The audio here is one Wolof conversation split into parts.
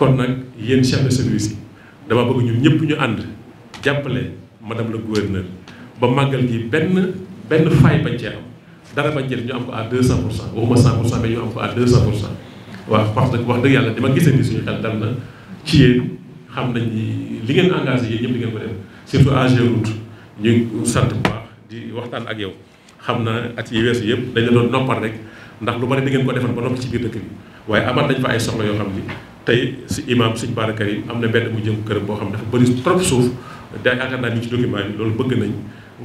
kon nag yéen chef de yi dama bëgg ñun ñëpp ñu ànd jàppale madame le gouverneur ba màggal gi benn benn fay bañ cee am dara bañ cee ñu am ko à 200 pour cent waxuma 100 pour cent mais ñu am ko pour cent waaw parce que wax dëgg yàlla dama gisee ni suñu xel dal na ci yéen xam nañ ni li ngeen engagé yéen ñëpp di ngeen ko def surtout AG route ñu sant bu baax di waxtaan ak yow xam na at yi weesu yëpp dañ la doon noppal rek ndax lu bari di ngeen ko defal ba noppi ci biir dëkk waaye amaat nañ fa ay soxla yoo xam tey si imam suñ barakar yi am na mbedd mu jëm këram boo xam ne dafa bëri trop suuf day yaakaar naa ni ci document bi loolu bëgg nañ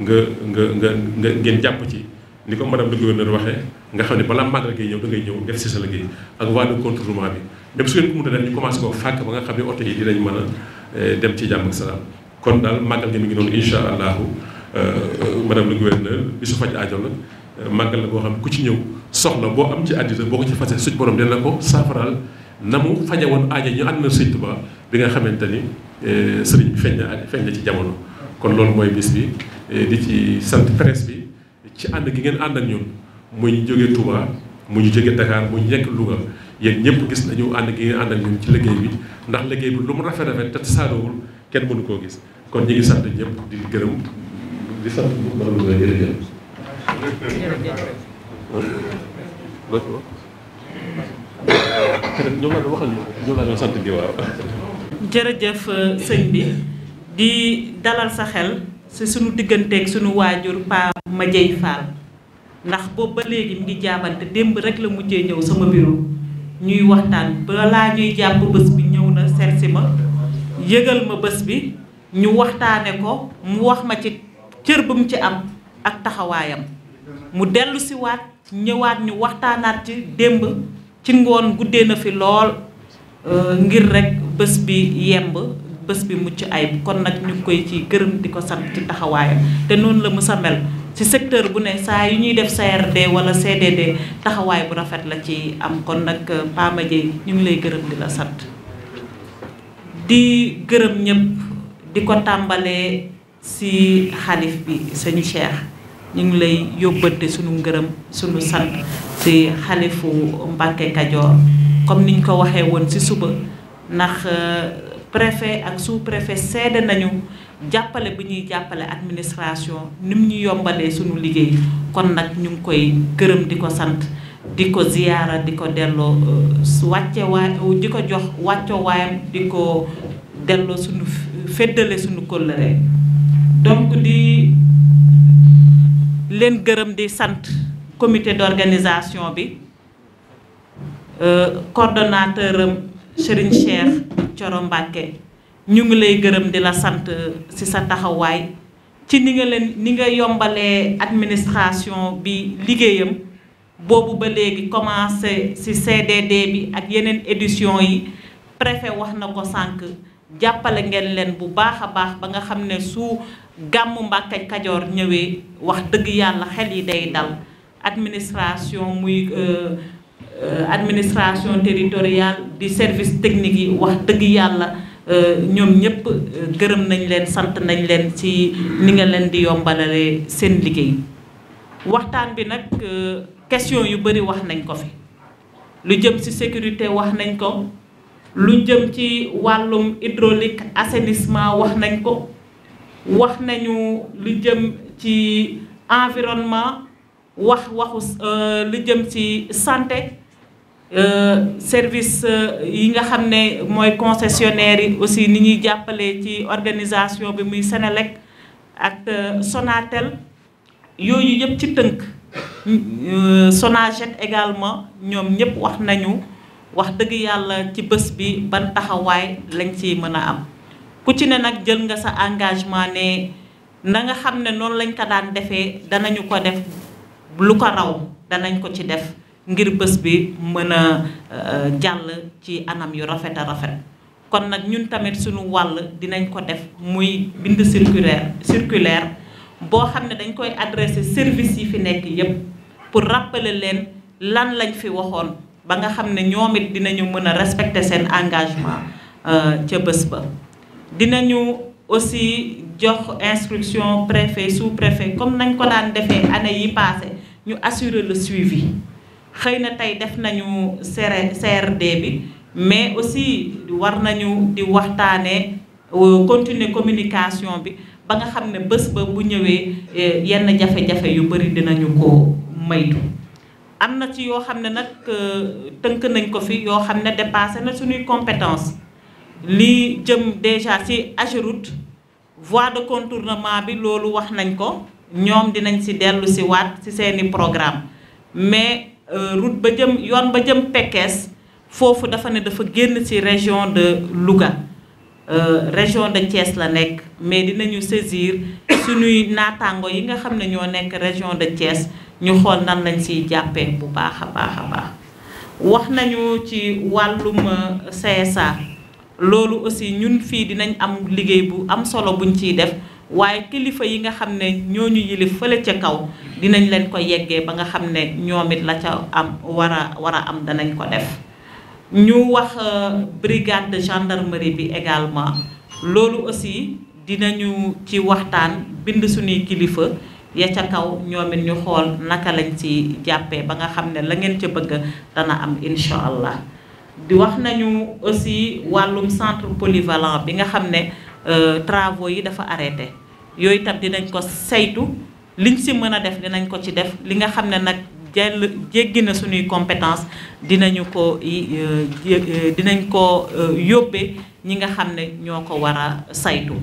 nga nga nga nga ngeen jàpp ci ni ko madame le gouverneur waxee nga xam ne balaa magal gi ñëw da ngay ñëw def si sa liggéey ak voie de contournement bi même su ngeen ko mën a def ñu commencé ko fàkk ba nga xam ne oto yi dinañ mën a eh, dem ci jàmm ak salaam kon daal magal gi mi ngi noonu insha allahu eh, madame le gouverneur bi su faj aajo la eh, màggal la boo xam ku ci ñëw soxla boo am ci àddina boo ko ci fase suñ borom dina la ko saafaral na mu faje woon aajo ñu ànd na sëñ Tuubaa bi nga xamante ni eh, sëriñ bi feeñ na feeñ la ci jamono kon loolu mooy bis bi eh, di ci sant presse bi ci ànd gi ngeen ànd ak ñun mu ñu jógee Touba mu ñu jógee Dakar mu ñu nekk Louga yéen ñëpp gis nañu ànd gi ngeen ànd ak ñun ci liggéey bi ndax liggéey bi lu mu rafet rafet te tasaaroowul kenn mënu koo gis kon ñu ngi sant ñëpp di gërëm di sant loolu la jërëjëf. jërëjëf. ñu la waxal ñu la sant di jërëjëf euh, sëñ bi di dalal sa xel si sunu digganteek sunu waajur ma Madieye Fall ndax boobu ba léegi mu ngi jaabante démb rek la mujjee ñëw sama bureau ñuy waxtaan balaa ñuy jàmb bés bi ñëw na seet ma yëgal ma bés bi ñu waxtaane ko mu wax ma ci cër bu ci am ak taxawaayam mu dellu ñëwaat ñu waxtaanaat ci démb ci ngoon guddee na fi lool euh, ngir rek bés bi yemb bés bi mucc ayib kon nag ñu koy ci gërëm di ko sant ci taxawaayam te noonu la mësa mel ci secteur bu ne saa yu ñuy def CRD wala CDD taxawaay bu rafet la ci am kon nag euh, Paa Madiaye ñu ngi lay gërëm di la sat di gërëm ñëpp di ko tàmbalee ci xalif bi sëñ Cheikh ñu ngi lay yóbbante sunu ngërëm sunu sant si xalifu mbakke Kajoor comme niñ ko waxee woon si suba ndax euh, préfet ak sous-préfet seede nañu jàppale bi ñuy jàppale administration ni mu ñu yombalee sunu liggéey kon nag ñu ngi koy gërëm di ko sant di ko ziyaara di ko delloo euh, wàcce waay di ko jox wàcco waayam di ko delloo sunu feddale sunu kóllëre donc di leen gërëm di sant comité d'organisation bi euh, coordonnateur am Serigne Cheikh Thioro ñu ngi lay gërëm di la sant ci sa taxawaay ci ni nga leen ni nga yombalee administration bi liggéeyam boobu ba léegi commencé ci CDD bi ak yeneen édition yi préfet wax na ko sànq jàppale ngeen leen bu baax a baax ba nga xam ne su gàmmu Mbàkke Kajoor ñëwee wax dëgg yàlla xel yi day dal administration muy euh, euh, administration territoriale di service technique yi wax dëgg yàlla euh, ñoom ñëpp gërëm nañ leen sant nañ leen ci ni nga leen di yombalalee seen liggéey waxtaan bi nag question yu bari wax nañ ko fi lu jëm ci sécurité wax nañ ko lu jëm ci wàllum hydraulique assainissement wax nañ ko wax nañu lu jëm ci environnement wax waxu euh, lu jëm ci santé euh, service euh, yi nga xam ne mooy concessionnaire yi aussi ni ñuy jàppale ci organisation bi muy Senelec ak Sonatel yooyu yëpp ci tënk Sonaget également ñoom ñëpp wax nañu wax dëgg yàlla ci bés bi ban taxawaay lañ si mën a am ku ci ne nag jël nga sa engagement ne na nga xam ne noonu lañ ko daan defee danañu ko def lu ko raw danañ ko ci def ngir bés bi mën a euh, jàll ci anam yu rafet a rafet kon nag ñun tamit suñu wàll dinañ ko def muy bind circulaire circulaire boo xam ne dañ koy adressé service yi fi nekk yépp pour rappeler leen lan lañ fi waxoon ba nga xam ne ñoom it dinañu mën a respecter seen engagement euh, ca bés ba dinañu aussi jox instruction préfet sous préfet comme nañ ko daan defee année yi passé ñu assurer le suivi xëy na tey def nañu CRD bi mais aussi war nañu di waxtaanee euh, continuer communication bi ba nga xam ne bés ba bu ñëwee euh, yenn jafe-jafe yu bëri dinañu ko maytu am na ci yoo xam ne nag euh, tënk nañ ko fi yoo xam ne dépassé na suñuy compétence li jëm déjà ci Ageroute voie de contournement bi loolu wax nañ ko ñoom dinañ si dellu si waat ci seeni programme mais euh, route ba jëm yoon ba jëm Pekes foofu dafa ne dafa génn ci région de Louga euh, région de Thiès la nekk mais dinañu saisir suñuy naataango yi nga xam ne ñoo nekk région de Thiès ñu xool nan lañ ciy jàppee bu baax a baax a baax wax nañu ci wàllum euh, CSA loolu aussi ñun fii dinañ am liggéey bu am solo buñ ciy def waaye kilifa yi nga xam ne ñoo ñu yili fële ca kaw dinañ leen ko yeggee ba nga xam ne ñoom it la ca am war a war a am danañ ko def ñu wax euh, brigade de gendarmerie bi également loolu aussi dinañu ci waxtaan bind suñuy kilifa ya ca kaw ñoom ñu xool naka lañ ci jàppee ba nga xam ne la ngeen ca bëgg dana am incha allah di wax nañu aussi wàllum centre polyvalent bi nga xam ne euh, travaux yi dafa arrêté yooyu tam dinañ ko saytu liñ si mën a def dinañ ko ci def li nga xam ne nag jël jéggi na suñuy compétence dinañu ko euh, euh, dinañ ko yóbbee ñi nga xam ne ñoo ko war a saytu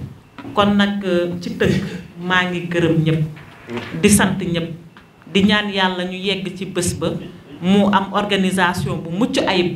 kon nag ci tënk maa ngi gërëm ñëpp di sant ñëpp di ñaan yàlla ñu yegg ci bés ba mu am organisation bu mucc ayib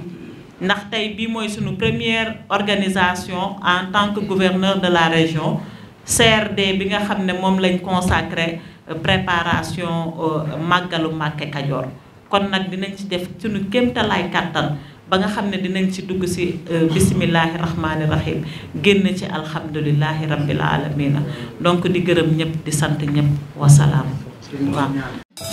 ndax tey bii mooy suñu première organisation en tant que gouverneur de la région CRD bi nga xam ne moom lañ consacré euh, préparation euh, màggalu Mbàkke Kajoor kon nag dinañ ci def suñu kéemtalaay kàttan ba nga xam ne dinañ ci dugg ci euh, bisimilahi rahmaani rahim génn ci alhamdulilahi rabbil alamina donc di gërëm ñëpp di sant ñëpp wasalaam waaw